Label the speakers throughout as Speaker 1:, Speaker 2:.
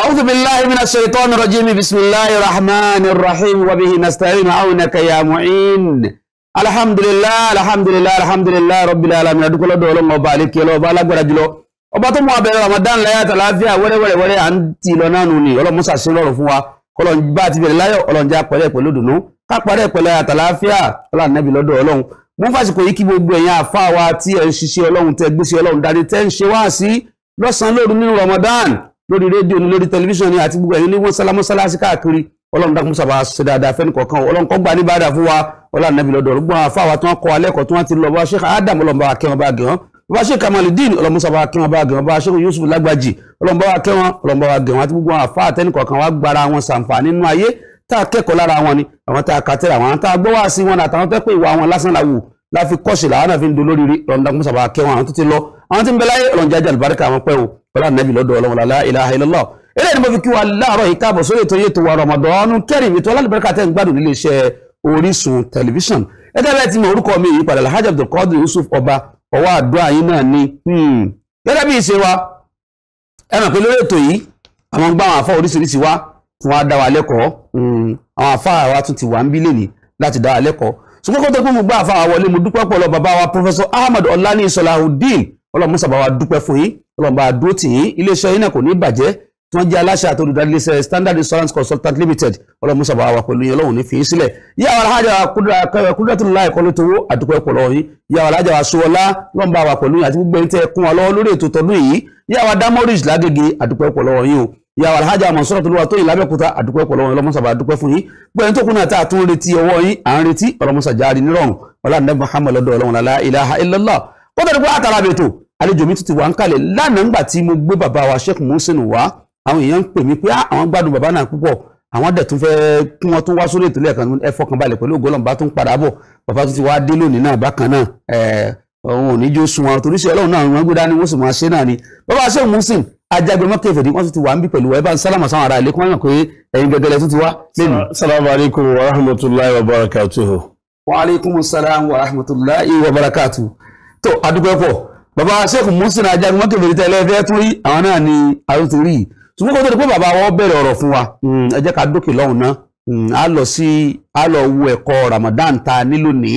Speaker 1: أعوذ بالله من الشيطان الرجيم بسم الله الرحمن الرحيم وبه نستعين عونك يا معين الحمد لله الحمد لله الحمد لله رب العالمين أدخل دولهم وبالك يلو بالك ورجلو ọba tó mú abẹ̀rẹ̀ Ramadan láyà tàlàáfíà wẹ́rẹ́wẹ́rẹ́wẹ́rẹ́ à ń ti lọ náà nù ni ọlọ́mọsà ṣe lọ́rùn fún wa kọlọ́n bá ti bẹ̀rẹ̀ láyọ̀ ọlọ́njẹ́ apẹ̀rẹ̀ pẹ̀lú dùnú kápẹ̀rẹ̀ pẹ̀lú àtàlàáfíà ọlànàbì lọ́dọ̀ ọlọ́run mú fàṣìkò yìí kí gbogbo ẹ̀yin àfa wa tí ẹ̀ ń ṣiṣẹ́ ọlọ́run tẹ gbéṣẹ́ ọlọ́run dání tẹ́ ń ṣe wá sí lọ́sàn-án lóru nínú Ramadan lórí rédíò ní lórí tẹlifíṣàn ní àti gbogbo ẹ̀yin ní wọ́n sálá mọ́sálásí káàkiri ọlọ́run dákun sábà ṣe dáadáa fẹ́ni kọ̀ọ̀kan ọlọ́run kó gbà ní bàdà fún wa ọlọ́run nàbí lọ́dọ̀ ọ̀rùgbọ́n àfáwà tí wọ́n kọ́ alẹ́kọ̀ọ́ tí wọ́n ti lọ bá Sheikh Adam ọlọ́run bá wa kẹ́ wọn bá gẹ̀ wọ́n bá Sheikh Kamaldeen ọlọ́run sábà kẹ́ wọn bá gẹ̀ wọ́n bá Sheikh Yusuf Lágbàjì ọlọ́run bá wa kẹ́ wọn ọlọ́run bá wa gẹ̀ wọ́n àti gbogbo àfá àtẹ́ni kọ̀ọ̀kan wa gbára wọn sàǹfààní nínú ayé tá a kẹ́kọ̀ọ́ lára wọn ni àwọn tá a kàtẹ́ra wọn tá a gbọ́ wá sí wọn àtàwọn tẹ́ pé ìwà wọn lásán làwù láfi kọ́ṣì làwọn náà fi ń dolóríire ọlọ́run dákun sábà kẹ́ wọn àwọn tó ti lọ àwọn tí ń bẹ láyé ọlọ́run jájà àlùbáríkà àwọn pẹ́ o pẹ̀lú ànábì lọ́dọ̀ ọlọ́run la ilaha illallah eléyìí ni mo fi kí wa láàárọ̀ yìí káàbọ̀ sórí ètò yẹtò wa Ramadan Kareem ètò alálùbáríkà tẹ́ ń gbádùn nílé iṣẹ́ Orísun tẹlifíṣàn gẹ́gẹ́ bẹ́ẹ̀ tí mo orúkọ mi yìí padà Alhaji Abdulkadir Yusuf ọba ọwọ́ àdúrà yín náà ni hmm. gẹ́gẹ́ bí ìṣe wa ẹ mọ̀ pé lórí ètò yìí àwọn gbá àwọn àfọ oríṣiríṣi wá fún wa dá wa lẹ́kọ̀ọ́ hmm, àwọn àfọ àwa tún ti wà ń bí lèní láti dá wa ọlọ́run mọ́sàbá wa dúpẹ́ fún yín ọlọ́run bá dúró tì yín iléeṣẹ́ yín náà kò ní bàjẹ́ tí wọ́n jẹ́ aláṣẹ àti olùdarílẹ̀ṣẹ́ standard insurance consultant limited ọlọ́run mọ́sàbá wa pẹ̀lú yín ọlọ́run ní fi yín sílẹ̀ yíyàwó alájà wa Kudiratullah ẹ̀kọ́ ló towó àdúpẹ́ pọ̀ lọ́wọ́ yín yíyàwó alájà wa Ṣówọlá ọlọ́run bá wa pẹ̀lú yín àti gbogbo ẹni tẹ́ ẹ kún wa lọ́wọ́ lórí ètò tọdún yìí yíyàwó Damorich Lágége àdúpẹ́ pọ̀ lọ́wọ́ yín o ìyàwó alhaja mọ̀sọ́rọ̀ tó lówà tó yìí lábẹ́kúta àdúpẹ́ pọ̀ lọ́wọ́ ọlọ́mọ́sàbà àdúpẹ́ fún tó kún náà tá a tún retí ọwọ́ yín à ń retí ọlọ́mọ́sàjà rí nírọ̀rùn ọlọ́run Muhammad lọ́dọ̀ ọlọ́run la ilaha illallah ó tẹ̀lé pé àtàrà bètò àlejò mi tún ti wà ń kalẹ̀ lánàá ńgbà tí mo gbé bàbá wa Sheikh Muhsin wá àwọn èèyàn ń pè mí pé ah, àwọn gbádùn bàbá náà púpọ̀ àwọn dẹ̀ tún fẹ́ kí wọ́n tún wá sórí ètò lẹ́ẹ̀kan ẹ fọkàn balẹ̀ pẹ̀lú ògo Ọlọ́run bá tún padà bọ̀ bàbá tún ti wá dé lónìí náà bákan náà òun ò ní jó sun wọn torí sí Ọlọ́run náà wọn gbé dání wọ́n sì máa ṣe náà ni bàbá Sheikh Muhsin ajagbe mọ́kẹ́ ìfẹ̀dí wọ́n tún ti wà ń bí pẹ̀lú ẹ bá ń sálàmù sáwọn ará ilé kí wọ́n yàn pé ẹ̀yin gẹ́gẹ́lẹ́ tún ti wá lẹ́nu. salamu alaykum wa rahmatulahi wa barakatuhu. wa alaykum salaam wa rahmatulahi wa barakatuhu. tó adúgbò pọ̀ bàbá sheikh musin ajagun wọn kẹfẹ tẹlẹ tún rí àwọn náà ni àwọn ti rí ṣùgbọ́n kó tó di pé bàbá wọn bẹ̀rẹ̀ ọ̀rọ̀ fún wa hmm. ẹ jẹ́ ká dókè lọ́hùn náà hmm, a lọ sí a lọ wo ẹ̀kọ́ ramadan ta nílò ní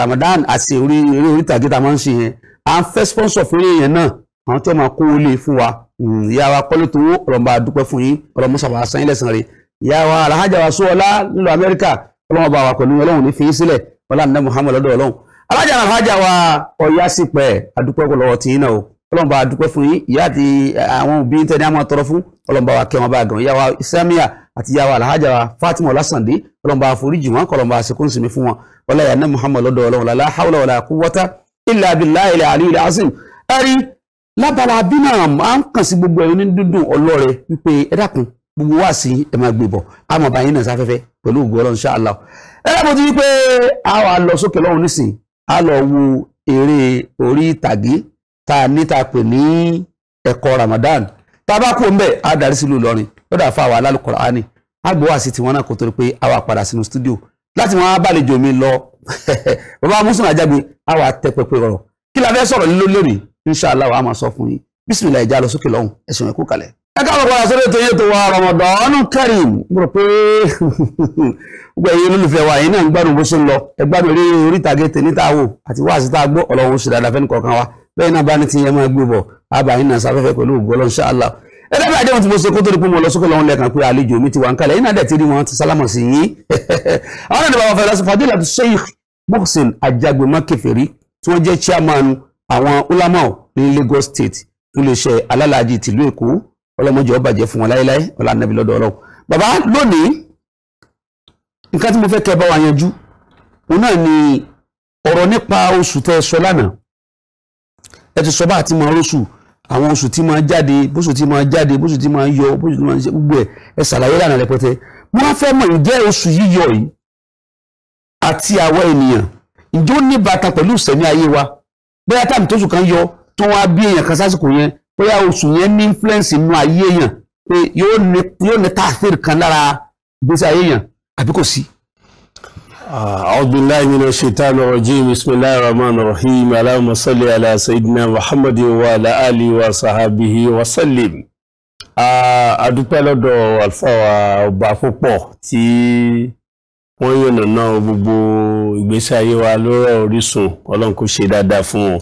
Speaker 1: ramadan àti orí eré orí ìtàgé ta máa ń ṣe yẹn à ń fẹ́ sponsor fún eré yẹn náà àwọn tí wọ́n máa kó lè fún wa hmm, ìyá wa kọ́lé tó wó ọ̀rọ̀ bá dúpẹ́ fún yín ọ̀rọ̀ musa wa san ilẹ̀ ìyá wa alhaja wa sọ́ọ́lá nílùú amẹ́ríkà ọlọ́wọ́n wa pẹ̀lú ọlọ́run ní fi í sílẹ̀ ọlá alájà náà wa ọ̀yá sí pẹ̀ adúpẹ́ kò lọ́wọ́ tìyín náà o ọlọ́mọba adúpẹ́ fún yín ìyá àti eh, àwọn òbí tẹ́ ní àmọ́ tọrọ fún ọlọ́mọba wa kẹ́ bá gan ìyá wa Samia àti ìyá wa alhaja wa Fatima ọlásàndé ọlọ́mọba àforíjì wọn kọlọ́mọba àsekún sinmi fún wọn ọlọ́yà náà Muhammad lọ́dọ̀ ọlọ́run la hawla wala quwwata illa billahi ilẹ̀ aliyu ilẹ̀ azim ẹ̀rí lábala bínà à ń kàn sí gbogbo ẹ̀yin ní dúndùn ọlọ́rẹ wípé ẹ dákun gbogbo wá sí ẹ máa gbé bọ̀ a máa bá a lọ wo eré orí ìtàgé tá a níta pè ní ẹ̀kọ́ Ramadan tá a bá kó mbẹ́ a darí sílùú Ìlọrin lọ́dọ̀ àfa àwọn Al-Qur'ani a gbọ́ àsì tiwọn náà kó torí pé a wà padà sínú stúdíò láti wọn abálejò mi lọ bàbá musulman ajagbe a wà tẹ pẹpẹ ọ̀rọ̀ kí la fẹ́ sọ̀rọ̀ lórí inshallah a máa sọ fún yín bísímìlà ìjà lọ sókè lọ́hùn ẹ̀sùn ẹ̀kú kalẹ̀. ẹ káàbọ̀ padà sórí ètò yẹn tó wa Ramadan Kareem mo rò pé gbogbo ẹ̀yin olólùfẹ́ wa yìí náà ń gbádùn bó ṣe ń lọ ẹ gbádùn eré orí ìtàgé tèmi tá a wò àti wáàsí tá a gbọ́ ọlọ́run oṣù dáadáa fẹ́ni kọ̀ọ̀kan wa bẹ́ẹ̀ náà bá ní ti yẹn máa gbé bọ̀ àbá yín náà sáfẹ́fẹ́ pẹ̀lú ògbó ṣáàlà ẹlẹ́bí àdéhùn tí iléeṣẹ́ alálàájì tìlú èkó ọlọ́mọjọ́ bàjẹ́ fún wọn láéláé ọlànàbí lọ́dọ̀ ọlọ́run bàbá lónìí nǹkan tí mo fẹ́ kẹ́ bá wa yanjú òun náà ni ọ̀rọ̀ nípa oṣù tẹ́ ẹ sọ lánàá ẹ ti sọ bá àti máa rọ́ṣù àwọn oṣù tí máa jáde bóṣù tí máa jáde bóṣù tí máa yọ bóṣù tí máa ṣe gbogbo ẹ ẹ ṣàlàyé lánàá rẹpẹtẹ mo wá fẹ́ mọ̀ ǹjẹ́ oṣù yíyọ yìí àti àwa ènìyàn ǹjẹ́ ní bàtà pẹ̀lú ìsẹ̀mí ayé wa bóyá táàmù tóṣù kan yọ tó wá bí èèyàn kan sásìkò yẹn bóyá oṣù yẹn ní influence inú ayé èèyàn pé yóò ní tààfíìrì kan lára gbèsè ayé èèyàn àbí kò sí. أعوذ بالله من الشيطان الرجيم بسم الله الرحمن الرحيم اللهم صل على سيدنا محمد وعلى آله وصحبه وسلم adúpẹ́ lọ́dọ̀ àlùfáà ọba púpọ̀ tí wọ́n yànnàná gbogbo ìgbésí ayé wa lọ́rọ̀ Orísun Ọlọ́run kò ṣe dáadáa fún wọn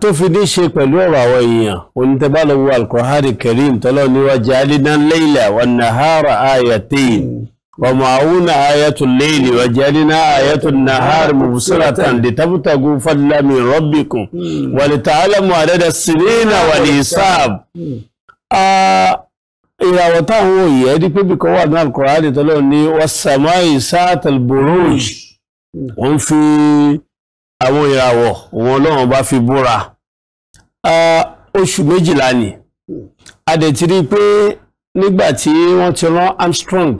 Speaker 1: tó fi ní ṣe pẹ̀lú ọ̀rọ̀ àwọn èèyàn onítẹ̀bálọ́wọ́ alkọ̀hárì karim tọ́lọ́ ni wa ja'alna al-layla wan-nahara ayatayn wa ma'una ayatul layli wa ja'alna ayatul nahari mubsiratan litabtagu fadlan min rabbikum wa lita'lamu adada as-sinina wal-hisab ìràwọ̀ táwọn òyìn ẹ̀rí pé bí kan wà ní alkọ̀hárì tọ́lọ́ ni was-samai sa'atal buruj wọ́n fi àwọn ìràwọ̀ òun ọlọ́run bá fi búra oṣù méjìlá ni a dẹ̀ ti rí i pé nígbà tí wọ́n ti rán Armstrong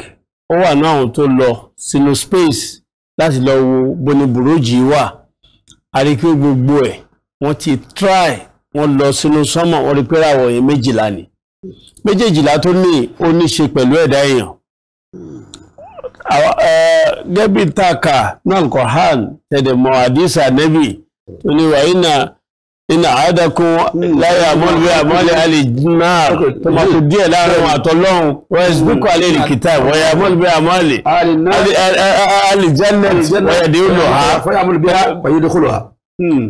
Speaker 1: ó wà náà àwọn tó lọ sínú space láti lọ wo bóni bùrọ́jì wà a rí pé gbogbo ẹ̀ wọ́n ti try wọ́n lọ sínú sọ́mọ̀ wọ́n rí i pé ìràwọ̀ yẹn méjìlá ni méjèèjìlá tó ní ó ní ṣe pẹ̀lú ẹ̀dá èèyàn Eh, gẹ́bí taka náà Al-Qur'an tẹ̀dẹ̀ mọ́ àdísà nẹ́bì tó ní wà iná iná àádọ́kún láyé àmọ́lùwé àmọ́lẹ̀ alì náà tó máa tó díẹ̀ láàrin wọn àtọ́lọ́hun wọ́n ẹ̀sì dúkọ̀ alẹ́ ìkìtà wọ́yà àmọ́lùwé àmọ́lẹ̀ alì jannati wọ́yà dé lò ha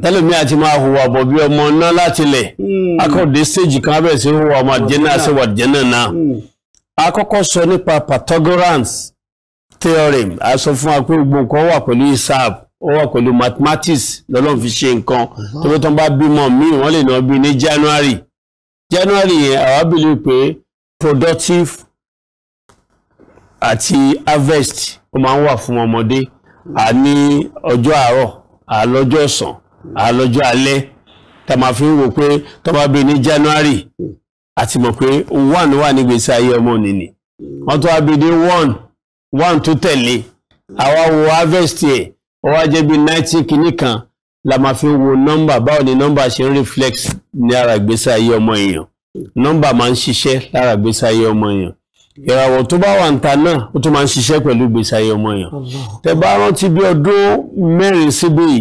Speaker 1: tẹ́lẹ̀mí àti máa hùwà bọ̀ bí ọmọ náà láti lẹ̀ hmm. akọ̀dé stage kan abẹ́ sí hùwà ọmọ àjẹ́nà àṣẹwà àjẹ́nà náà hmm. akọ́kọ́ sọ nípa pythagoreans theorem a sọ fún wa pé gbogbo nǹkan wà pẹ̀lú isab ó wà pẹ̀lú mathematics lọ́lọ́run fi ṣe nǹkan uh-huh. tó bó tán bá bímọ míì wọ́n lè náà bí ní january january yẹn àwa bìlú pé productive àti harvest ó máa ń wà fún ọmọdé a ní ọjọ́ àárọ̀ àlọ́jọ́ ọ̀sán àlọ́jọ́ alẹ́ tá máa fi ń wò pé tó bá bí ní january àti mọ̀ pé one wà nígbèsí ayé ọmọ nìní wọ́n tó wá bí ní one one tó tẹ̀lé àwa wo harvest ẹ̀ ó wá jẹ́ bí ninety kìíní kan la máa fi wo nọ́mbà báwo ni nọ́mbà ṣe ń reflect ní ara ìgbésí ayé ọmọ èèyàn nọ́mbà máa ń ṣiṣẹ́ lára ìgbésí ayé ọmọ èèyàn ìràwọ̀ tó bá wà níta náà ó tún máa ń ṣiṣẹ́ pẹ̀lú ìgbésí ayé ọmọ èèyàn tẹ bá rántí bí ọdún mẹ́rin síbí yìí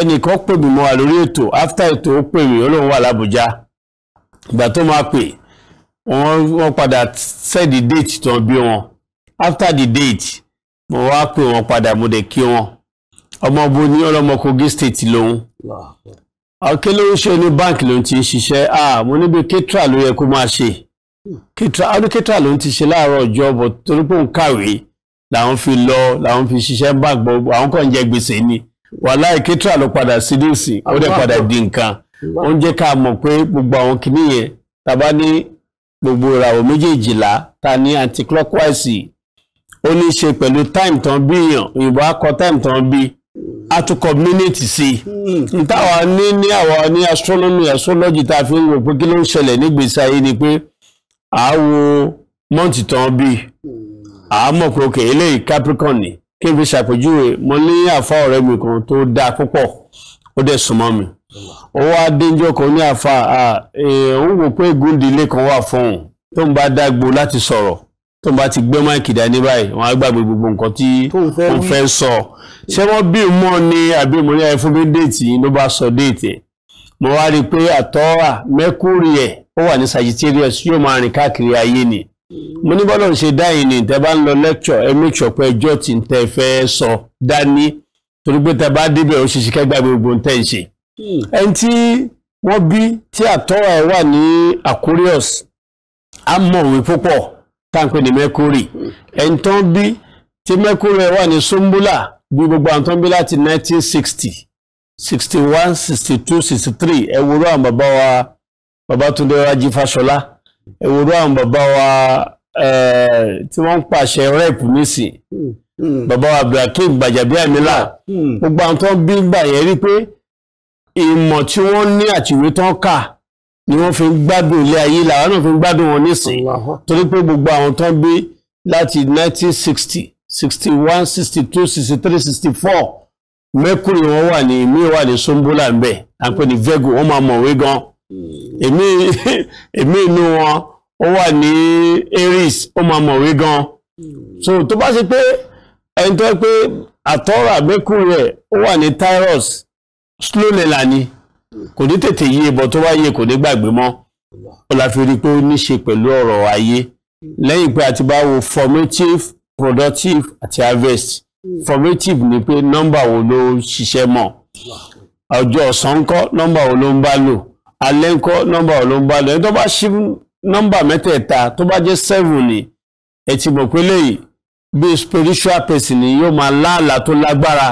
Speaker 1: ẹnìkan pè mí mọ́ wa lórí ètò after ètò ó pè mí olóhùn wà lábújá ìgbà tó máa pè wọ́n padà sẹ́ẹ̀dì déètì tán bí wọn after the date mo wá pè wọ́n padà mo dẹ̀ kí wọn ọmọ bo ní ọlọ́mọ Kogi state lòun ọ̀kẹ́ ló ṣe ní báǹkì ló ń ti ah mo níbi ketra ló yẹ kó máa ṣe ketra ọdún ketra ló ń ti ṣe láàárọ̀ ọjọ́ bọ̀ torí pé òun kàwé làwọn fi lọ làwọn fi ṣiṣẹ́ báǹkì bọ̀ àwọn kàn ń jẹ gbèsè ni wàláì ketra ló padà sí dèsì ó dẹ̀ padà di nǹkan ó ń jẹ́ ká mọ̀ pé gbogbo àwọn kìnìyẹn tàbá ní gbogbo ìràwọ̀ méjèèjìlá ta ní anti clockwise ó ní ṣe pẹ̀lú time tán bí èèyàn òyìnbó á kọ time tán bí a tún kọ mínítì sí i hmm. táwa ní ní àwa ní astronomy astrology tá a fi ń wò pé kí ló ń ṣẹlẹ̀ nígbèésí ayé ni pé à á wo mọ́ǹtì tán bí à hmm. á mọ̀ pé òkè eléyìí Capricorn ni kí n fi ṣàpèjúwe mo ní àfa ọ̀rẹ́ mi kan tó dáa púpọ̀ ó dẹ̀ súnmọ́ mi ó wá dénjọ́ kan ní àfa òun eh, wò pé ègúndínlé kan wà fún òun tó ń bá dágbo láti sọ̀rọ̀ tó bá ti gbé máìkì dání báyìí wọn á gbàgbé gbogbo nǹkan tí wọn fẹ́ sọ ṣé wọ́n bí mọ́ ni àbí mo ní ẹ̀fún mi déètì ló bá sọ déètì mo wá rí i pé àtọ́wà mẹ́kúrì ẹ̀ ó wà ní sagittarius yóò máa rìn káàkiri ayé ni mo ní bọ́lọ̀ ṣe dáhìn ni tẹ́ bá ń lọ lecture ẹ make sure pé ẹjọ́ tí ń tẹ́ fẹ́ sọ dání torí pé tẹ́ bá débẹ̀ ó ṣe ṣiṣẹ́ gbàgbé gbogbo ń tẹ́ ń ṣe ẹni tí wọ́n bí tí àtọ́wà wà ní aquarius á mọ̀wé púpọ̀ táǹpé ni mercury ẹni tó ń bí tí mercury wà ní sumbula bí gbogbo àwọn tó ń bí láti 1960 61 62 63 ẹ wúrú bàbá wa Babátúndé Rájí Fáṣọlá ẹ wúrú bàbá wa tí wọ́n ń pàṣẹ rẹ́ẹ̀pù nísìn bàbá wa Abdulhakeem Gbajabi Amila hmm. gbogbo àwọn tó ń bí gbà yẹn rí pé ìmọ̀ tí wọ́n ní àtìwé tó ń ni wọ́n fi ń gbádùn ilé ayé làwọn náà fi ń gbádùn wọn nísìnyí torí pé gbogbo àwọn tán gbé láti 1960 61 62 63 64 mercury wọn wà ní mi wà ní sombola nbẹ àpè ní virgo wọ́n máa mọ̀wé gan hmm. èmi èmi inú wọn ó wà ní aries ó máa mọ̀wé gan hmm. so tó bá ṣe pé ẹni tó yẹ pé àtọ́rọ̀ àbẹ́kù rẹ̀ ó wà ní tyros slow lẹ́la ni kò ní tètè yí ibọ̀ tó wá yé kò ní gbàgbé mọ́ ó la fi rí i pé ó ní ṣe pẹ̀lú ọ̀rọ̀ ayé lẹ́yìn pé a ti bá wo formative productive àti harvest formative ni pé nọ́mbà wo ló ṣiṣẹ́ mọ̀ ọjọ́ ọ̀sán ńkọ́ nọ́mbà wo ló ń bá lò alẹ́ ńkọ́ nọ́mbà wo ló ń bá lò ẹni tó bá ṣí nọ́mbà mẹ́tẹ̀ẹ̀ta tó bá jẹ́ seven ni ẹ ti mọ̀ pé lẹ́yìn bí spiritual person ni yóò máa láàlà tó lágbára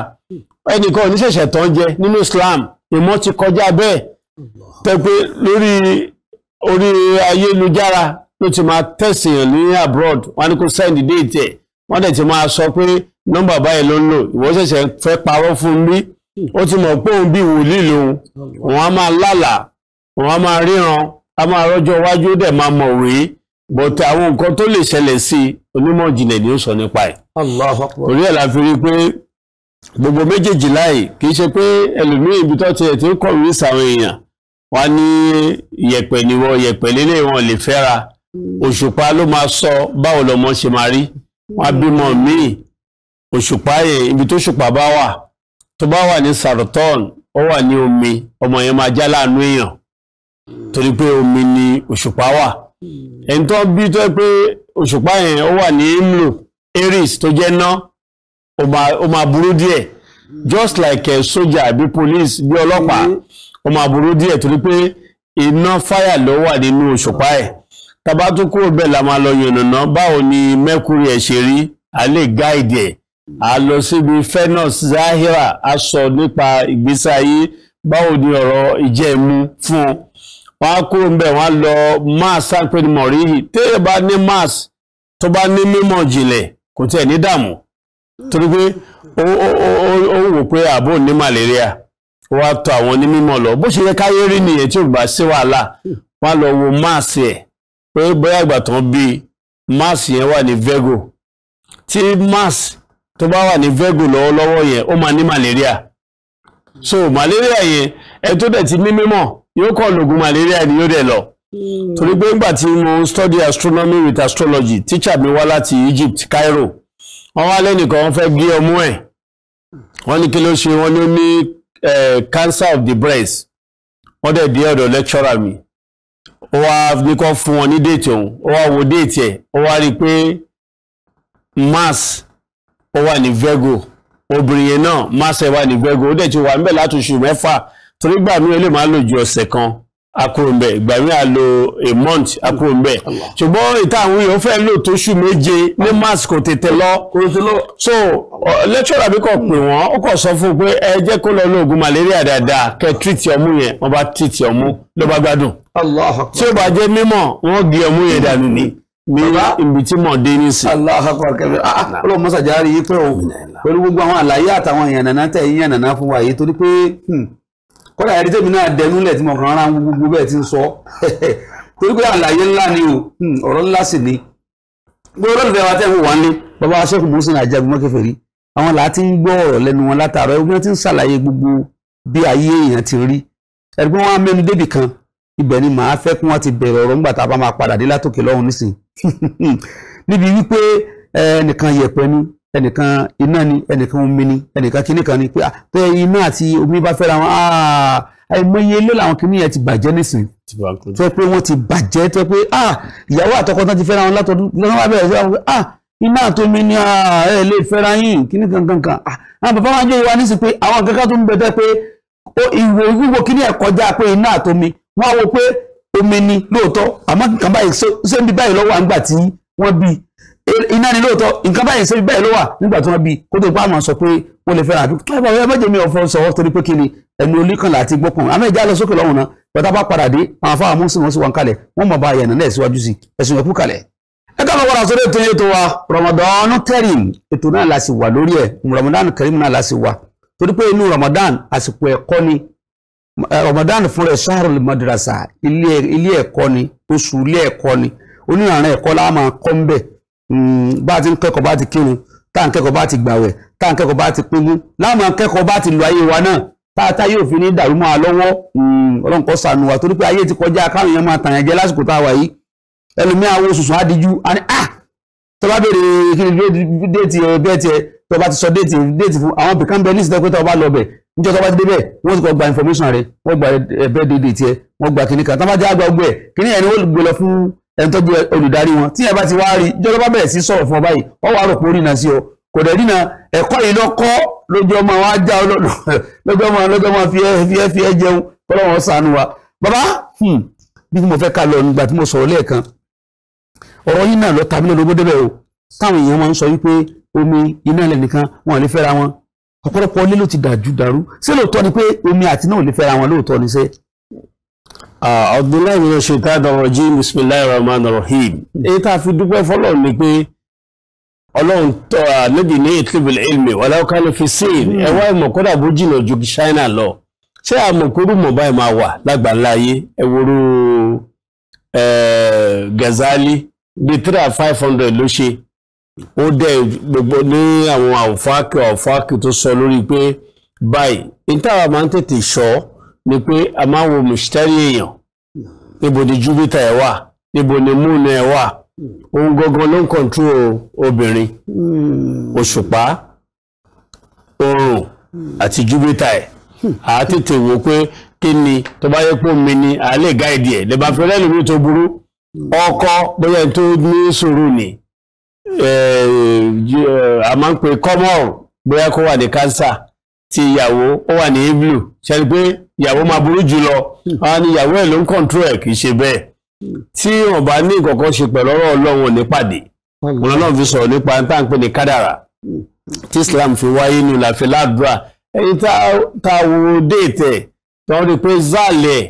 Speaker 1: ẹnìkan ò ní ṣẹ̀ṣẹ̀ tán jẹ nínú Islam ìmọ̀ ti kọjá bẹ́ẹ̀ tẹ́pẹ́ lórí orí ayélujára ló ti máa tẹ̀sí ní abroad wọn ni kò sẹ́ndì déètì ẹ̀ wọ́n dẹ̀ ti máa sọ pé nọ́mbà báyìí ló ń lò ìwọ ṣẹ̀ṣẹ̀ fẹ́ parọ́ fún mi ó ti mọ̀ pé òun bí wòlíì lòun òun á máa lálàá òun á máa ríran á máa rọ́jọ́ iwájú ó dẹ̀ máa mọ̀wé bọ̀tẹ̀ àwọn nǹkan tó lè ṣẹlẹ̀ sí onímọ̀ ìjìnlẹ̀ ni ó sọ nípa ẹ̀. orí ẹ̀ la fi rí i pé gbogbo méjèèjì láì kì í ṣe pé ẹlòmíì ibi tó tiẹ̀ ti ń kọ̀wéèsì àwọn èèyàn wá ní yẹ̀pẹ̀ níwọ̀ yẹ̀pẹ̀ lélẹ̀ wọn lè fẹ́ra òṣùpá ló máa sọ báwo lọmọ ṣe máa rí wọn bímọ míì òṣùpá yẹn ibi tó ṣùpá bá wà tó bá wà ní sàrọ̀tọ́ọ̀n ó wà ní omi ọmọ yẹn máa já láàánú èèyàn torí pé omi ni òṣùpá wà ẹni tó bí tó pé òṣùpá yẹn ó wà ní imlu aries tó jẹ́ náà ó máa ó máa just like uh, eh, soja àbí police bí ọlọ́pàá mm-hmm. ó máa burú díẹ̀ torí pé iná fáyà ló wà nínú òṣùpá ẹ̀ tàbá tó kúrò bẹ́ẹ̀ la máa lọ yànnàná báwo ni mercury ẹ̀ ṣe rí a lè gáìdì ẹ̀ a lọ síbi phenos zahira a sọ nípa ìgbésí ayé báwo ni ọ̀rọ̀ ìjẹ́ ìmu fún un wọ́n á kúrò bẹ́ẹ̀ wọ́n á lọ mars sáńpẹ́ ni mọ̀rí yìí téèyàn bá ní mars tó bá ní mímọ̀ jìnlẹ̀ kò tẹ̀ ní dààmú torí pé ó wò pé àbò ní malaria wá tọ̀ àwọn onímọ̀ lọ bó ṣe yẹ káyé rí nìyẹn tí ò bá sí wàhálà wọn lọ wo máàsì ẹ̀ pé bóyá ìgbà tán bí máàsì yẹn wà ní Virgo tí máàsì tó bá wà ní Virgo lọ́wọ́lọ́wọ́ yẹn ó máa ní malaria so malaria yẹn ẹ tó dẹ̀ ti ní mímọ̀ yóò kọ́ lògùn malaria ni yóò dẹ̀ lọ hmm. torí pé nígbà tí mo study astronomy with astrology teacher mi wá láti Egypt Cairo wọ́n wá lẹ́nìkan wọ́n fẹ́ gé ọmú ẹ̀ wọ́n ní kí ló ṣe wọ́n ní ó ní cancer of the breast wọ́n dẹ̀ dé ọ̀dọ̀ lecturer mi ó wá ní kó fún wọn ní déètì òun ó wá wo déètì ẹ̀ ó wá rí i pé mars ó wà ní Virgo obìnrin yẹn náà mars ẹ̀ wà ní Virgo ó dẹ̀ ti wà níbẹ̀ láti oṣù mẹ́fà torí gbà mí ó lè máa lò ju ọ̀sẹ̀ kan akúròǹbẹ̀ ìgbà mi à lo a month akúròǹbẹ̀ ṣùgbọ́n ìta àwọn èèyàn fẹ́ lò tó ṣù méje ní mass kò tètè lọ so lecturer bí kò pè wọ́n ó kò sọ fún un pé ẹ jẹ́ kó lọ lo oògùn malaria dáadáa kẹ́ tírìtì ọmú yẹn wọ́n bá tírìtì ọmú ló bá gbádùn tí ó bá jẹ́ mímọ̀ wọ́n gé ọmú yẹn dànù ni ní ibi tí mọ̀ dé nísìn. aláhàkọ́ kẹfẹ́ ah, ah, ọlọ́run mọ́sàjárí yìí pé o pẹ̀lú gbogbo àwọn àlàyé àtàwọn èèyàn nàná tẹ̀ yín yàn nàná fún wa yìí torí pé hmm, kọ́dà ẹ̀rí tèmi náà dẹnu lẹ̀ tí mo kàn rán gbogbo bẹ́ẹ̀ ti ń sọ torí pé àlàyé ńlá ni o hmm, ọ̀rọ̀ ńlá sì ni gbogbo olólùfẹ́ wa tẹ́ wò wá ní bàbá aṣẹ́kù mọ́sán àjẹgùn mọ́kẹ́fẹ́rí àwọn là á ti ń gbọ́ ọ̀rọ̀ lẹ́nu wọn látàárọ̀ ẹgbẹ́ ti ń ṣàlàyé gbogbo bí ayé èèyàn ti rí ẹgbẹ́ wọn á mẹ́nu débì kan ibẹ̀ ni màá fẹ́ kí wọ́n ti bẹ̀rẹ̀ ọ̀rọ̀ ńgbà tá a bá máa padà dé látòkè lọ́hùn nísìn níbi wípé ẹnìkan yẹ̀pẹ̀ ni ẹnìkan iná ni ẹnìkan omi ni ẹnìkan kinní kan ni pé ah, pé iná àti omi bá fẹ́ra wọn ah, àìmọye ilé làwọn kinní yẹn ti bàjẹ́ nísìn tó pé wọ́n ti bàjẹ́ tó pé ah, ìyàwó àtọkọ tán ti fẹ́ra wọn látọdún lọ́nà wà bẹ̀rẹ̀ sí àwọn iná àtomi ni ẹ lè fẹ́ra yín kinní kankan kan àwọn bàbá wọn jẹ́ ìwà nísìn pé àwọn kankan tó ń bẹ tẹ́ pé ìwò wíwo kinní ẹ̀ kọjá pé iná àtomi wọ́n wo pé omi ni lóòótọ́ àmọ́ kàn báyìí iná ni lóòótọ́ nǹkan báyìí ṣe bẹ́ẹ̀ ló wà nígbà tí wọ́n bí kó tó pàmò sọ pé wọ́n lè fẹ́ràn àbí kí wọ́n fẹ́ mẹ́jẹ̀ mi ọ̀fọ́ sọ̀wọ́ torí pé kíni ẹnu oníkànlá àti gbọ́kàn àmọ́ ìjà lọ sókè lọ́wọ́n náà bàtà bá padà dé àwọn afáwọn mọ́sí wọn sí wọn kalẹ̀ wọ́n mọ̀ bá yẹn náà síwájú sí ẹ̀sùn ẹ̀kú kalẹ̀. ẹ káàmọ̀ wọ́n àsọ̀rọ̀ ètò yẹn tó wa Ramadan Kareem ètò náà la sì wà lórí ẹ̀ Ramadan Kareem náà la sì wà torí pé inú Ramadan àsìkò ẹ̀kọ́ ni eh, Ramadan fúnra ẹ̀ shahrul madrasa ilé ẹ̀kọ́ ni oṣù ilé ẹ̀kọ́ ni onírànà ẹ̀kọ́ la máa kọ́ ń bẹ̀ Hmm, bá a ti ń kẹ́kọ̀ọ́ bá ti kírun tá à ń kẹ́kọ̀ọ́ bá ti gbàwẹ̀ tá à ń kẹ́kọ̀ọ́ bá ti pinnu láwọn akẹ́kọ̀ọ́ bá ti lo ayé wa náà táàtá yóò fi ní dàrú mọ́ lọ́wọ́ hmm, ọlọ́run kó wa torí pé ayé ti kọjá káwọn èèyàn máa tàyàn lásìkò tá a wà yìí ẹlòmíà wo sùsùn àdíjú àní à ah! tọ́ba béèrè kí ni déètì ẹ bẹ́ẹ̀ tiẹ tọ́ba ti sọ déètì déètì fún àwọn bìkan bẹ nísìtẹ́ pé tọ́ba lọ bẹ̀ níjọ́ tọ́ba ti dé bẹ̀ wọ́n ti kọ́ gba information rẹ wọ́n gba ẹ bẹ́ẹ̀ déètì ẹ wọ́n gba kíníkan tọ́ba ti àgbà gbẹ kíní ni wọ́n gbé fún ẹni tó bí olùdarí wọn tí ẹ bá ti wá rí jọlọ bá bẹ̀rẹ̀ sí sọ̀rọ̀ fún ọ báyìí wọ́n wá rò pé orí náà sí ọ kò dẹ̀ dínà ẹ̀kọ́ yìí lọ́kọ́ lójú ọmọ wa já lójú ọmọ lójú ọmọ fi ẹ fi ẹ jẹun kọ́lọ́ wọn sànù wa bàbá hmm, bí mo fẹ́ ká lọ nígbà tí mo sọ̀rọ̀ lẹ́ẹ̀kan ọ̀rọ̀ yìí náà lọ tàbí lọ́dọ̀ gbọ́dẹ́bẹ̀ o táwọn èèyàn máa ń sọ wípé omi iná Abdullahi ah, mina shaitan ar-rajim bismillahir rahmanir rahim èyí tá a fi dúpẹ́ fọlọ́run ni pé ọlọ́run tọ́ ànábì ní ìtìlúbìlì ilmi walau kana fi sin ẹ̀wá ìmọ̀ kódà bó jìnnà ju ṣáínà lọ ṣé àmọ̀kúrú mọ̀bá ẹ̀ máa wà lágbàlá ayé ẹ̀wòrú Ghazali bíi five hundred ló ṣe ó dẹ̀ gbogbo ní àwọn àwòfáàkì àwòfáàkì tó sọ lórí pé báyìí ni pé a máa ń wo mùsítẹ́rì èèyàn níbo ni júpítà ẹ̀ wà níbo ni múùnù ẹ̀ wà òun gangan ló ń kọ̀ntró obìnrin hmm. òṣùpá oòrùn àti júpítà ẹ̀ à á tètè wò pé kí ni tó bá yẹ pé omi ni à á lè gáìdì ẹ̀ lè bá fi rẹ́lùmí tó burú ọkọ bóyá tó ní sùúrù ni a máa ń pe kọ́mọ̀rù bóyá kó wà ní kánsà ti ìyàwó ó wà ní iblu ṣe ni pé ìyàwó máa burú jù lọ á hmm. ní ìyàwó ẹ̀ ló ń kọ̀ǹtró ẹ̀ kì í ṣe bẹ́ẹ̀ hmm. tí wọn bá ní ìkọ̀kọ̀ ṣe pẹ̀lú ọ̀rọ̀ ọlọ́run nípàdé wọn náà fi sọ̀rọ̀ nípa tá à ń pè ní kádàrà hmm. tí Islam fi wáyé nù láfi ládùúrà ẹni tá a wo déètẹ̀ tó rí pé zaalẹ̀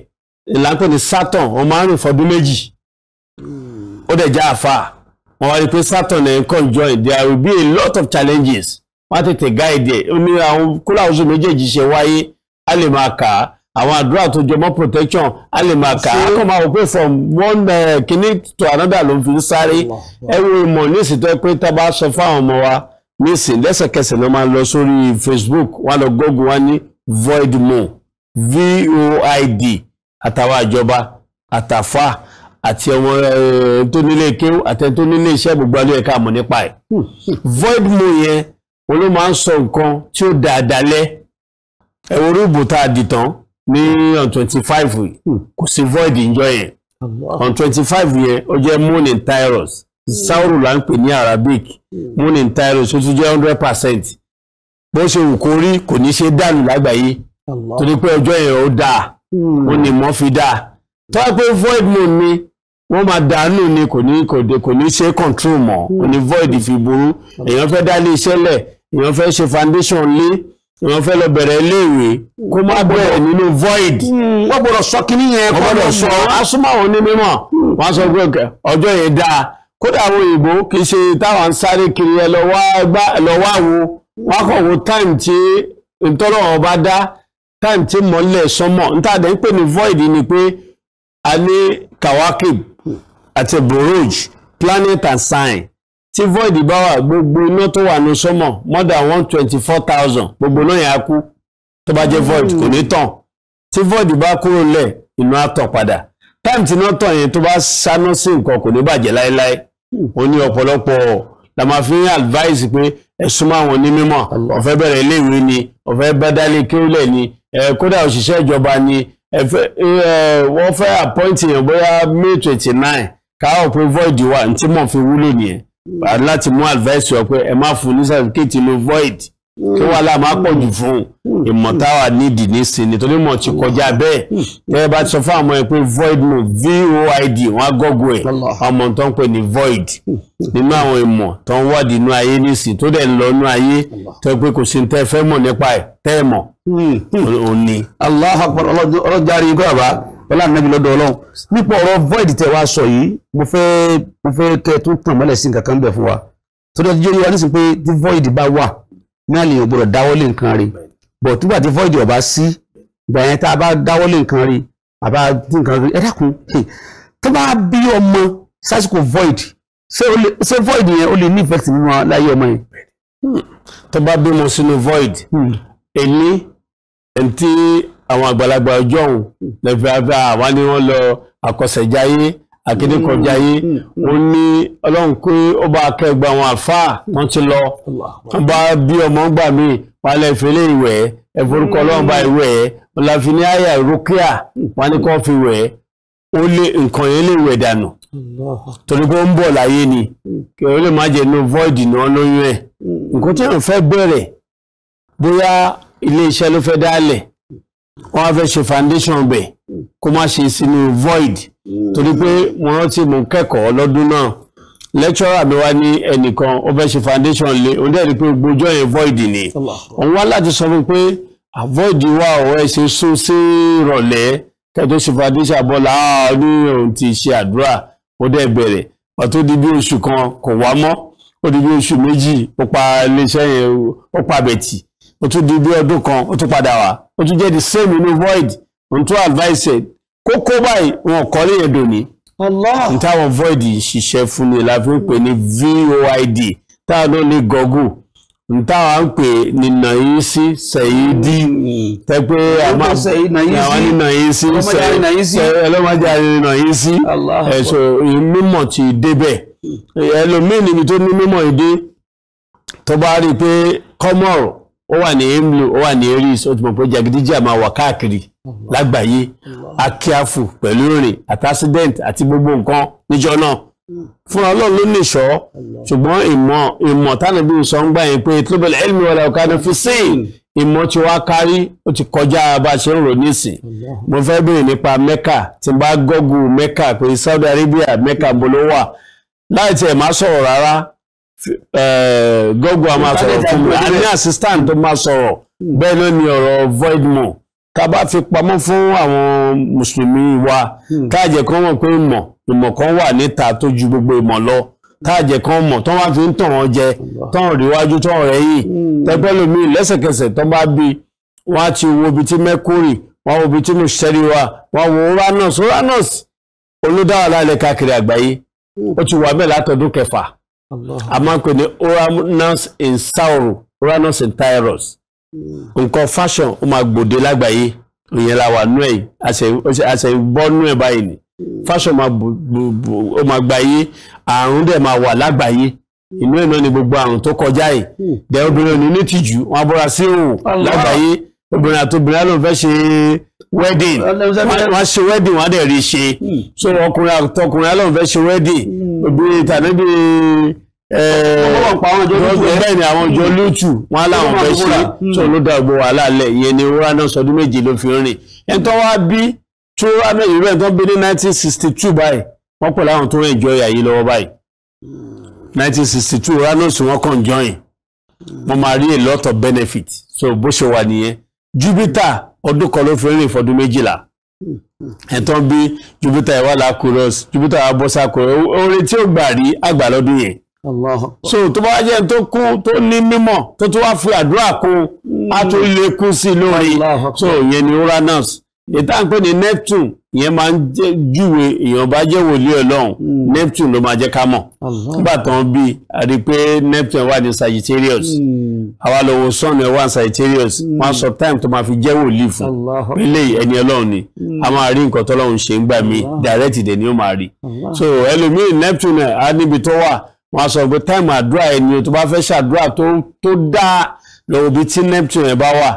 Speaker 1: ìlànà ní Saturn wọn máa ń rìn fọdún méjì ó dẹ̀ já àfa wọn wá rí pé Saturn ẹ̀ ń conjoin there will be a lot of challenges wọn á tètè gáìdì ẹ̀ ó ní àwọn kúláwùsù méjèèjì ṣe wáyé á lè máa kà á àwọn àdúrà tó jọmọ́ protection a lè máa kà á kọ́ máa wò pé from one uh, to another ló fi ń sáré ẹ wo ìmọ̀ nísìsiyìí tó pé tá a bá sọ fáwọn ọmọ wa nísìsiyìí lẹ́sẹ̀kẹsẹ̀ ló máa lọ sórí Facebook wọn lọ google wọn ní voidmo void àtàwọn àjọba àtàfà àti ọmọ eh, tó nílé kéwù àti tó nílé iṣẹ́ gbogbo alẹ́ ẹ̀ka àmọ̀ nípa ẹ̀ hmm. voidmo yẹn wọn ló máa ń sọ nǹkan tí ó dáadáa lẹ́ ẹ̀wọ̀n rúbù tá a dì tán ní on twenty five hmm. kò sí void ìjọ yẹn on twenty five yẹn ó jẹ́ moon in tyros hmm. sauru la ń pè ní arabic hmm. moon in tyros ó tún jẹ́ hundred percent bó ṣe wù kó rí kò ní ṣe dànù lágbàáyé torí pé ọjọ́ yẹn ó dáa ó ní mọ́ fi dáa tó wá pé void moon ni wọ́n máa dànù ni kò ní kò ní ṣe control mọ́ kò ní void fi burú èèyàn fẹ́ dá ilé iṣẹ́ lẹ̀ èèyàn fẹ́ ṣe foundation lé. wọn fẹ́ lọ bẹ̀rẹ̀ iléèwé kó má bẹ̀rẹ̀ nínú void hmm. wọ́n gbọ́dọ̀ sọ kínní yẹn kó sọ asúmọ̀ ní mímọ̀ wọ́n sọ pé ọjọ́ yẹn dáa kódà àwọn òyìnbó kì í ṣe táwọn kiri ẹ lọ wá wo wo time tí dá time tí mọ́lẹ̀ ní void ni a ní àti planet and sign tí void bá wà gbogbo iná tó wà ní sọmọ more than one twenty four thousand gbogbo náà yà á kú tó bá jẹ́ void kò ní tàn tí void bá kúrò lẹ̀ iná á tàn padà time tí iná tàn yẹn tó bá sáná sí nǹkan kò ní bàjẹ́ láéláé ó ní ọ̀pọ̀lọpọ̀ la máa fi ń advice pé ẹ súnmọ́ àwọn onímọ̀ ó fẹ́ bẹ̀rẹ̀ iléèwé ni ó fẹ́ bẹ́dálé kéwìlẹ̀ ni kódà òṣìṣẹ́ ìjọba ni wọ́n fẹ́ appoint yẹn bóyá May twenty nine káwọ̀ pé void wà ní tí mò fi wúlò nìyẹn láti mú advice ọ pé ẹ má fún ní certificate ló void kí hmm. wàá là má pọ̀ jù fún hmm. ìmọ̀ táwa nídìí nísìnyí nítorí mọ̀ ti kọjá hmm. bẹ́ẹ̀ tẹ́lẹ̀ bá ti sọ fún àwọn ẹ pé void mu void wọn á gọ́gọ́ ẹ̀ ọmọ tó ń pè ní void nínú àwọn ìmọ̀ tó ń wádìí inú ayé nísìnyí tó dẹ̀ ń lọ inú ayé tó pé kò sí tẹ́ fẹ́ mọ̀ nípa ẹ̀ tẹ́ ẹ̀ mọ̀ òní. Allahu Akbar ọlọ́jà rí i gbọ́ àbá pẹ̀lú ànábi lọ́dọ̀ ọlọ́run nípa ọ̀rọ̀ void tẹ̀ wá sọ yìí mo fẹ́ mo fẹ́ kẹ́ ẹ tún tàn mọ́lẹ̀ sí nǹkan kan bẹ̀ fún wa torí ọjọ́ yóò wá nísìnyí pé tí void bá wà ní àlèyàn gbọ́dọ̀ dáwọ́ lé nǹkan rí bọ̀ túbà tí void ọba sí ìgbà yẹn tá a bá dáwọ́ lé nǹkan rí àbá dín nǹkan rí ẹ dákun tó bá bí ọmọ sásìkò void ṣé void yẹn ó lè ní ìfẹ́ sí láyé ọmọ yẹn. Hmm. tó bá bímọ sínú void hmm. ẹni ẹni tí àwọn àgbàlagbà ọjọ́ òun lẹ́fẹ̀ẹ́fẹ́ àwọn ni wọ́n lọ àkọsẹ̀jáyé akíndékọjáyé òun mm, mm, mm. ní ọlọ́run pé ó bá kẹgbà àwọn àfáà wọ́n ti lọ wọ́n bá bí ọmọ gbà mí wàhálà ìfẹ́lẹ́ ìwẹ̀ ẹ̀forúkọ ọlọ́run bá ìwẹ̀ wọn la fi ní àyà ìrókíà wọn ni kò fi wẹ̀ ó lé nǹkan yẹn lè wẹ̀ dànù torí pé ó ń bọ̀ láyé ni kí ó lè má jẹ́ inú void ní wọn ẹ̀ nǹkan tí wọn fẹ́ bẹ̀rẹ̀ bóyá ilé ló fẹ́ dálẹ̀ wọ́n á fẹ́ ṣe foundation bẹ̀ kó má ṣe sínú void mm. torí pé mo rántí mo kẹ́kọ̀ọ́ lọ́dún náà lecturer mi wá ní ẹnìkan ó fẹ́ ṣe foundation lé òun dẹ̀ rí pé gbójọ́ yẹn void ni òun wá láti sọ fún pé avoid wà ó ẹ ṣe sún sí ìrọ̀lẹ́ kẹ́tọ́ ṣe foundation bọ́lá ní òun ti ṣe àdúrà ó dẹ̀ bẹ̀rẹ̀ ọ̀tún di bí oṣù kan kò wá mọ́ ó di bí oṣù méjì ó pa iléeṣẹ́ yẹn ó pa bẹ̀tì ó tún di bí ọdún kan ó tún padà wá ó tún jẹ́ the same inú void ohun tó advice ẹ̀ kókó báyìí wọn kọ́ léyìn dòní. n táwọn void ṣiṣẹ́ fún ni la fi ń pè void táwọn náà ni gọ́gù n táwọn ń pè ní nàyísí sẹ̀yídì hmm. tẹ́ pé àwọn ní nàyísí ẹlọ́mọdé àyè nàyísí ẹ̀sọ́ mímọ̀ ti débẹ̀ hmm. ẹlòmíì níbi tó ní mímọ̀ ìdí tó bá rí i pé kọ́mọ̀rọ̀ ó wà ní emlo ó wà ní eris ó ti mọ̀ pé jàgídíjà máa wà káàkiri lágbàáyé akíáfù pẹ̀lú ìrìn àtàsídẹ́ǹtì àti gbogbo nǹkan níjọ náà hmm. fúnra ọlọ́run ló ní ìṣọ́ ṣùgbọ́n ìmọ̀ ìmọ̀ tánàbí sọ ń gbà yẹn pé tlubal ilmi wala kana fi sin hmm. ìmọ̀ tí wàá kárí ó ti kọjá bá a ṣe ń rò nísìn mo fẹ́ bèrè nípa mẹ́kà tí bá gọ́gù mẹ́kà pé Saudi Arabia mẹ́kà bolo wà láì tiẹ̀ má sọ̀rọ̀ rárá gọ́gọ́ a máa sọ̀rọ̀ fún mi a ní assistant tó máa sọ̀rọ̀ bẹ́ẹ̀ ló ní ọ̀rọ̀ voidmore ká bá fi pamọ́ fún àwọn mùsùlùmí wa hmm. káàjẹ̀ kan mọ̀ pé ìmọ̀ ìmọ̀ kan wà níta tó ju gbogbo ìmọ̀ lọ káàjẹ̀ kan mọ̀ tó wá fi ń tàn án jẹ tán ríwájú tán rẹ̀yìn hmm. tẹ́pẹ́lómi lẹ́sẹ̀kẹsẹ̀ tó bá bí wọ́n á ti wo ibi tí mercury wọ́n wo ibi tí mùsùlùmí wa wọ́n wo uranus uranus olùdáwàlá káàkiri àgbáyé hmm. ó ti wà bẹ́ẹ̀ látọdún kẹfà a máa ń pè ní uranus in sauro uranus in tyros hmm. nǹkan fashion ó máa gbòde lágbàáyé ìyẹn la wà nú ẹ̀ àṣẹ gbọ́ nú ẹ̀ báyìí ni hmm. fashion ó máa gbàyé àrùn dẹ̀ máa wà lágbàáyé hmm. inú ẹ̀ náà ni gbogbo àrùn tó kọjá yìí dẹ̀ obìnrin ò ní ní tìjú wọn abúra sí òun lágbàáyé obìnrin àti obìnrin ló fẹ́ ṣe wedding wọ́n ṣe wedding wọ́n dẹ̀ rí ṣe hmm. so ọkùnrin àtọkùnrin ló fẹ́ ṣe wedding obìnrin hmm. tàbí bí bẹ́ẹ̀ ni àwọn ìjọ hmm. lótù wọn láwọn fẹ́ ṣe so ló dá gbogbo wàhálà lẹ̀ ìyẹn ni wúrà náà sọdún méje ló fi rìn ẹni tó wá bí tó wá mẹ́rin rẹ̀ tó bí ní 1962 báyìí wọ́n pẹ̀lú àwọn tó ń enjoy yìí lọ́wọ́ báyìí 1962 wúrà náà sì wọ́n kàn join wọ́n máa rí a lot of benefit so bó ṣe wà nìyẹn júpítà ọdún kan ló fi rìn fọdún méjìlá ẹ̀tàn bí júpítà ìwà làkúrọ́s júpítà wà bọ́ sàkúrọ́ oore tí ó gbà rí àgbà lọ́dún yẹn so tó bá jẹ́ tó kún tó ní mímọ̀ tó tó wá fi àdúrà kún á tó lè kún sí lórí so ìyẹn ni uranus ìta ń pè neptune ìyẹn máa ń júwe èèyàn bá wòlíì ọlọ́run hmm. neptune ló máa jẹ́ ká mọ̀ nígbà tó ń bí a pé neptune wà ní sagittarius hmm. àwa lọ wo sun ẹ̀ wà ní sagittarius wọ́n hmm. sọ time tó máa fi jẹ́ wòlíì fún ilé ẹni ọlọ́run ni a máa rí nǹkan tọ́lọ́run ṣe ń gbà mí direct dẹ̀ ni ó máa rí so ẹlòmíì neptune á níbi tó wà wọ́n sọ pé time àdúrà ẹni tó bá fẹ́ ṣàdúrà tó dáa lọ́wọ́ bí tí neptune ẹ̀ bá wà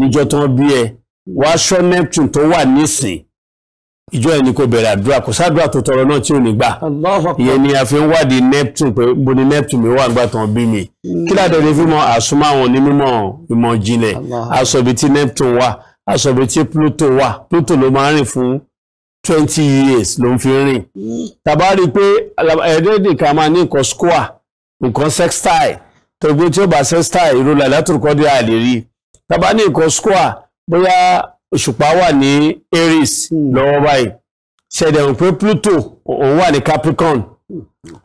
Speaker 1: níjọ́ tán bí ẹ̀ wàá ṣọ́ neptune tó wà nísìn ìjọ ẹni kò bẹ̀rẹ̀ àdúrà kò sádùrà tó tọrọ náà tí ò ní gbà ìyẹn ni a fi ń wádìí neptune pé bo ni neptune mi wà gbà tán bí mi kí ládọ̀ ní fímọ̀ àsúnmọ́ àwọn onímọ̀ ìmọ̀ ìjìnlẹ̀ aṣọ́bi tí neptune wà aṣọ́bi tí pluto wà pluto ló máa ń rìn fún twenty years ló ń fi rìn tàbá rí i pé ẹ̀ẹ́dẹ́gbẹ̀ká máa ní nǹkan square nǹkan sextile tó gbé tí ó bá sextile ìrọ̀lẹ́ látòkọ́ dé àlè rí tàbá ní nǹkan square bóyá òṣùpá wà ní aries hmm. lọ́wọ́ báyìí ṣẹ̀dẹ̀rùn pé pluto òun wà ní capricorn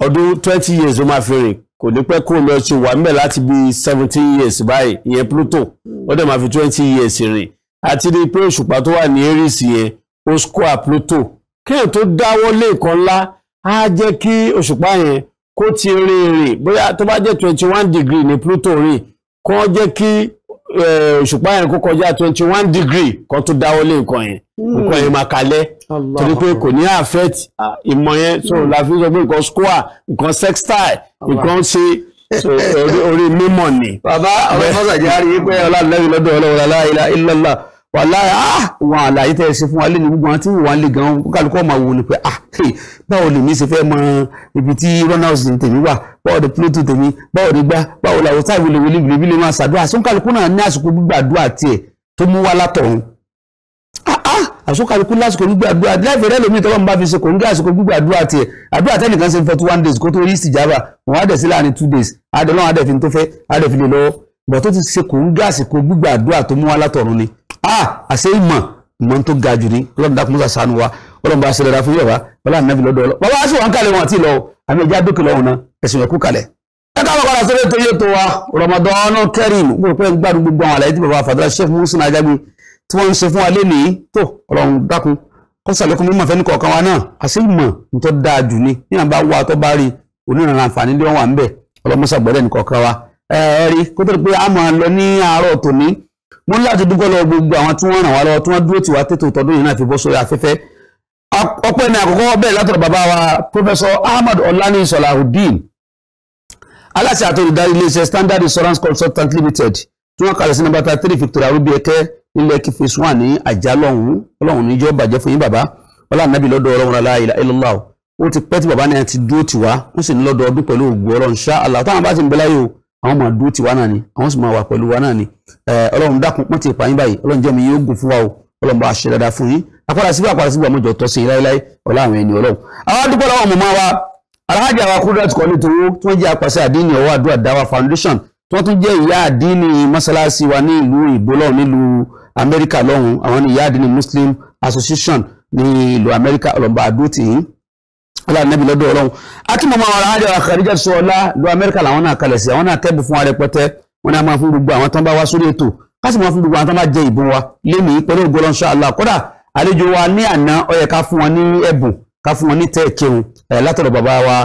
Speaker 1: ọdún twenty years ló máa fi rìn kò ní pẹ́ kúrò mẹ́rin tí wà mẹ́rin láti bí seventeen years báyìí ìyẹn pluto ó dẹ̀ máa fi twenty years rìn àti rí i pé òṣùpá tó wà ní aries yẹn ó square pluto kéèyàn tó dáwọ́ lé nǹkan ńlá á jẹ́ kí òṣùpá yẹn kó ti rìn rìn bóyá tó bá jẹ́ twenty one degree ní pluto rìn kó jẹ́ kí òṣùpá eh, yẹn kó kọjá twenty one degree kan tó dáwọ́ lé nǹkan yẹn hmm. nǹkan yẹn máa kalẹ̀ torí pé kò ní affect ìmọ̀ yẹn so hmm. la fi sọ pé nǹkan square nǹkan sextile nǹkan ṣe orí mímọ̀ ni. bàbá ọ̀rọ̀ fọ́sàjà rí i pé ọlọ́ọ̀lẹ́bí lọ́dọ̀ ọlọ́wọ́ aláìlá ìlọ́lá wàláyà ah wọn àlàyé tẹ́ ẹ ṣe fún wa lé ní gbogbo àwọn tí ìwà ń le gan kálukọ́ máa wò ni pé ah báwo lèmi ṣe fẹ́ mọ ibi tí runners tèmi wà báwo ni Pluto tèmi báwo ni gbá báwo làwọn táwọn wìlìwìlì wìlìwìlì máa ṣàdúrà àsúnkàlùkù náà ní àsìkò gbígbàdúrà tiẹ̀ tó mú wá látọ̀run ah, ah! àsúnkàlùkù lásìkò gbígbàdúrà láìpẹ́ rẹ̀ lómi ìtọ́lọ́mù bá fi ṣe kò ń gé àsìkò gbígbàdúrà tiẹ̀ àdúrà tẹ́nìkan ṣe forty one days kó tó rí ìsìjàbà wọn á dẹ̀ sí láàrin two days adọ́lọ́wọ́n adẹ̀ fi tó fẹ́ adẹ̀ fi lè lọ́wọ́ bọ̀ tó ti ṣe kò ń gé àsìkò gbígbàdúrà tó mú wá látọ̀run ni ah! àṣẹ ìmọ̀ mọ tó ga jù ní ọlọ́run dákun musa sànù wa ọlọ́run bá ṣe dára fún yọ̀wá ọlọ́run nàbí lọ́dọ̀ ọlọ́ bàbá aṣọ wọn kalẹ̀ wọn àti ìlọ àmì ìjà dókè lọ́wọ́ náà ẹ̀sìn ẹ̀kú kalẹ̀. ẹ káwọn padà sórí ètò yóò tó wa Ramadan Kareem mo rò pé ń gbádùn gbogbo àwọn àlàyé tí bàbá àfàdúrà Sheikh Muhsin Ajagbe tí wọ́n ń ṣe fún wa lénìí tó ọlọ́run dákun kó sàlékún mímọ̀ fẹ́ nìkọ̀ọ̀kan wa náà àṣẹ ìmọ̀ nítorí dáa mo ní láti dúpẹ́ lọ gbogbo àwọn tí wọ́n ràn wá lọ́wọ́ tí wọ́n dúró tiwa tètò tọdún yìí náà fi bọ́ sórí afẹ́fẹ́ ọpẹ́ ní àkọ́kọ́ bẹ́ẹ̀ látọ̀dọ̀ bàbá wa Professor Ahmad Ọláníyì Salahuddin aláṣẹ àtòlùdarí iléeṣẹ́ Standard Insurance Consultant Limited tí wọ́n kalẹ̀ sí nọ́mbà tá three Victoria rubi ẹkẹ nílẹ̀ kí phase one ní àjà lọ́hùn Ọlọ́hun níjọ́ bàjẹ́ fún yín bàbá ọlànàbí lọ́dọ̀ Ọlọ́hun la ilaha illallah ó ti pẹ́ tí bàbá náà insha Allah táwọn bá ti àwọn máa dúró tiwa náà ni àwọn sì máa wà pẹ̀lú wa náà ni ọlọ́run dákun pọ́n ti ìpààyàn báyìí ọlọ́run jẹ́ mi yóò gùn fún wa o ọlọ́run bá a ṣe dáadáa fún yín apáda síbí apáda síbí àmọ́jọ tọ́ sí láéláé ọlá àwọn ẹni ọlọ́run. àwọn adúgbò làwọn ọmọ máa wa alhaji àwọn Kudrat kan nítorí tí wọ́n jẹ́ apàṣẹ àdínì ọwọ́ àdúrà dáwà foundation tí wọ́n tún jẹ́ ìyá àdínì mọ́sálásí wa ní ìlú ìbò lọ́hùn nílùú amẹ́ríkà lọ́hùn àwọn ìyá àdínì muslim association ní ìlú amẹ́ríkà ọlọ́mọba àdúrótì yìí ọlá nẹ́bí lọ́dọ̀ ọlọ́run àti mọ̀mọ́ àwọn aráàlú àkàríjà sọ ọlá lu amẹ́ríkà làwọn náà kalẹ̀ sí àwọn náà tẹ́bù fún ààrẹ pẹ́tẹ́ wọn náà máa fún gbogbo àwọn tán bá wá sórí ètò káṣí máa fún gbogbo àwọn tán bá jẹ ìbọn wa lémi pẹ̀lú ògbọ́lọ́ ṣá àlá kódà àlejò wa ní àná ó yẹ ká fún wọn ní ẹ̀bùn ká fún wọn ní tẹ́ ìkẹun látọ̀dọ̀ bàbá wa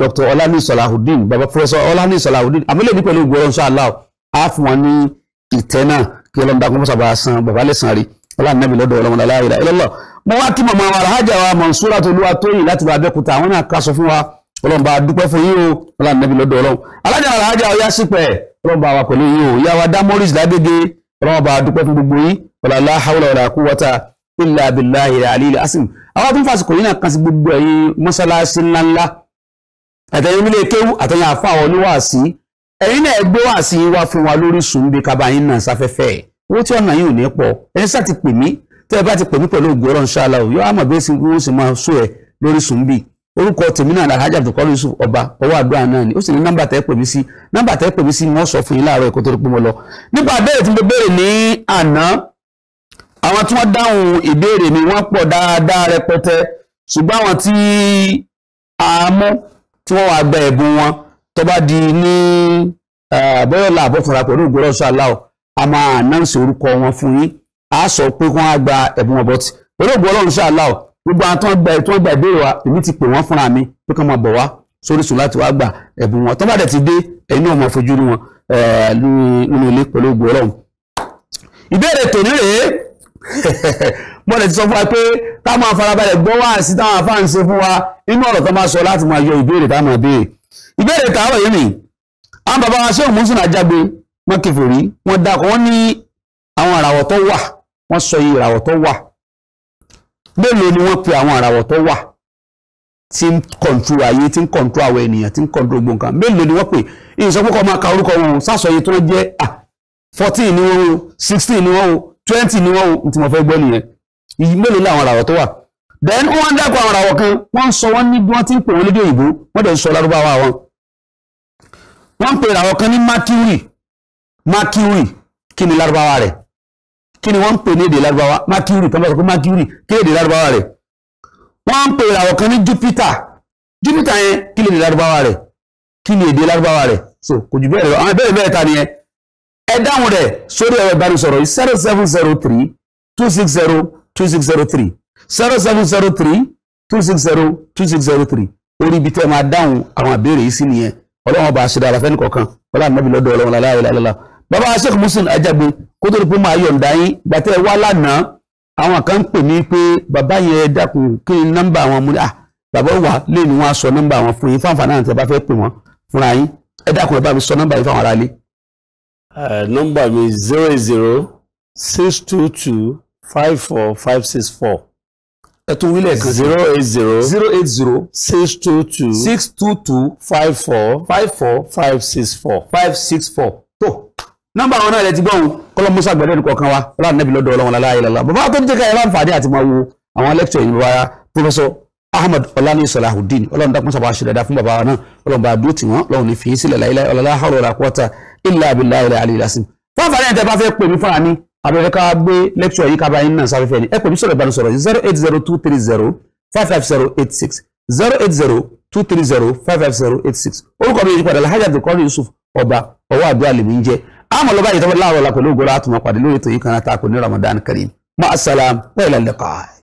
Speaker 1: Dr. ọlání sọláhùdín bàbá Professor ọlání sọláhùdín àmúlẹ̀ ní pẹ̀lú ògbọ́lọ́ ṣá àlá á fún wọn ní ìtẹ́ náà kí ọlọ́mọdé akọ́mọ́sàbà san bàbá lẹ́sàn-án rí ọlànàbì lọ́dọ̀ ọlọ́mọdé aláìlá ilọ́lọ́ mo wá tí màmá wa alhaja wa mansura tó lúwa tóyìn láti bá abẹ́kúta àwọn náà kásọ fún wa ọlọ́mọba dúpẹ́ fún yín o ọlànàbì lọ́dọ̀ ọlọ́mọ alhaja wa alhaja wa yásípẹ̀ ọlọ́mọba wa pẹ̀lú yín o ìyá wa dá morris lágbègbè ọlọ́mọba dúpẹ́ fún gbogbo yín ọlọ́lá hawla wàlá quwwata illa billahi aliyil asim àwọn tó ń fàṣikò yín náà kan sí gbogbo ẹ̀yin mọ́sálásí ńláńlá owó tí ọ̀nà yìí ò ní pọ̀ ẹni sá ti pè mí tẹ́ ẹ bá ti pè mí pẹ̀lú ògùn ọlọ́run ṣáàlà ò yóò àmọ̀ bẹ́ẹ̀ sí wọ́n sì máa sọ ẹ lórí sùnbì orúkọ tèmi náà alhaji abdulkari yusuf ọba ọwọ́ àdúrà náà ni ó sì ní nọ́mbà tẹ́ pè mí sí nọ́mbà tẹ́ pè mí sí wọ́n sọ fún yín láàárọ̀ ẹ̀kọ́ tó pé mo lọ nípa abẹ́rẹ́ tí mo béèrè ní àná àwọn tí wọ́n dáhùn ìbéèrè mi wọ́n pọ̀ dáadáa rẹpẹtẹ ṣùgbọ́n àwọn tí a mú tí wọ́n wá gba ẹ̀bùn wọn tó di ní bọ́yọ̀ làbọ̀ fara pẹ̀lú ògbórọ̀ ṣáláà a máa announce orúkọ wọn fún yín a sọ pé kí wọ́n á gba ẹ̀bùn wọn bọ́tì olóògbé ọlọ́run ṣáàlá o gbogbo àwọn tó ń gba tó ń gba ìbéèrè wa èmi ti pè wọ́n fúnra mi pé kí wọ́n máa bọ̀ wá sórí sùn láti wá gba ẹ̀bùn wọn tó bá dẹ̀ ti dé ẹ̀yin náà máa fojú rí wọn eh, nínú ilé pẹ̀lú ògbó ọlọ́run. ìbéèrè tòní rèé mo lè ti sọ fún wa pé ká máa farabalẹ̀ gbọ́ wá sí táwọn afáàn ṣe fún wa nínú ọ̀rọ̀ tó máa sọ láti máa yọ ìbéèrè táwọn béèrè ìbéèrè tààrọ̀ yìí nì wọ́n kèfèrí wọ́n dákọ̀ wọ́n ní àwọn àràwọ̀ tó wà wọ́n sọ iye àràwọ̀ tó wà mélòó ni wọ́n pe àwọn àràwọ̀ tó wà tí ń kọ̀ǹtú ayé tí ń kọ̀ǹtú àwọn ènìyàn tí ń kọ̀ǹtú gbogbo nǹkan mélòó ni wọ́n pe ìsọpọ̀kọ̀ máa ka orúkọ wọn sásọyé tó jẹ́ ah fourteen ni wọ́n o sixteen ni wọ́n o twenty ni wọ́n o tí mo fẹ́ gbọ́ nìyẹn iye mélòó ni àwọn àràwọ̀ tó wà then wọ́n dákọ̀ àwọn àràwọ̀ kan wọ́n sọ wọ́n ní bí wọ́n ti ń pè wọ́n lédè òyìnbó wọ́n dẹ̀ sọ lárúbáwá wọn wọ́n pe ìràwọ̀ kan ní mercury mercury kí ni lárúbáwá rẹ̀ kí ni wọ́n ń pè ní èdè lárúbáwá mercury kan bá sọ pé mercury kí ni èdè lárúbáwá rẹ̀ wọ́n ń pè ìràwọ̀ kan ní jupiter jupiter yẹn kí ni èdè lárúbáwá rẹ̀ kí ni èdè lárúbáwá rẹ̀ so kò jù bẹ́ẹ̀ lọ àwọn ìbéèrè bẹ́ẹ̀ ta nìyẹn ẹ dáhùn rẹ̀ sórí ẹ̀rọ ìbánisọ̀rọ̀ yìí zero seven zero three two six zero two six zero three zero seven zero three two six zero two six zero three orí ibi tẹ́ máa dáhùn àwọn ìbéèrè yìí sí nìyẹn ọlọ́run ọba àṣírí àlàfẹ́ nìkọ̀ọ̀kan ọlọ́run mẹ́bi lọ́dọ̀ ọlọ́run aláìláìláìláì bàbá Sheikh Muhsin Ajagbe kó tó di pé máa yọ̀ǹda yín gbàtẹ́ wá lánàá àwọn kan ń pè mí pé bàbá yẹn dákun kí ni nọ́mbà àwọn ọmọdé à ah, bàbá wà lè ní wọn sọ nọ́mbà àwọn fún yín fáǹfà náà tẹ bá fẹ́ pè wọ́n fúnra yín ẹ dákun ẹ bá mi sọ nọ́mbà yín fáwọn aráalé. Eh, nọ́mbà mi zero zero six two two five four five six four ẹ tún wílẹ̀ kan zero eight zero zero eight zero six two two six two two five four five four five six four five six four nọ́mbà àwọn náà lẹ ti gbọ́hùn kọ́lọ́ musa gbẹ̀dẹ́ ní kọ̀ọ̀kan wa láàrin nẹ́bí lọ́dọ̀ ọlọ́run aláyé lọ́la bàbá tó ń jẹ́ ká ẹ láǹfààní àti máa wo àwọn lẹ́kítọ̀ yìí bàbá pọ́fẹ́sọ̀ ahmed ọlani salahudeen ọlọ́run dákun sábà ṣe dáadáa fún bàbá wa náà ọlọ́run bá a dúró tì wọ́n ọlọ́run ní fìyí sílẹ̀ láyé ọlọ́lá hàrọ̀ ọ̀rà kọ́ta ilà abilà ilà alẹ́ ìlàsìn fún àǹfààní ẹ̀ tẹ́ zero eight zero two three zero five five zero eight six zero eight zero two three zero five five zero eight six orúkọ mi yìí padà alhaji abdulkadir yusuf ọba ọwọ́ àdúrà lèmi ń jẹ́ àmọ́ lọ́ba ìtọ́wọ́ láwọ̀ la pẹ̀lú ògo látùmọ̀ pàdé lórí ètò yìí kan náà ta kò ní Ramadan Kareem ma assalam wa ila liqa.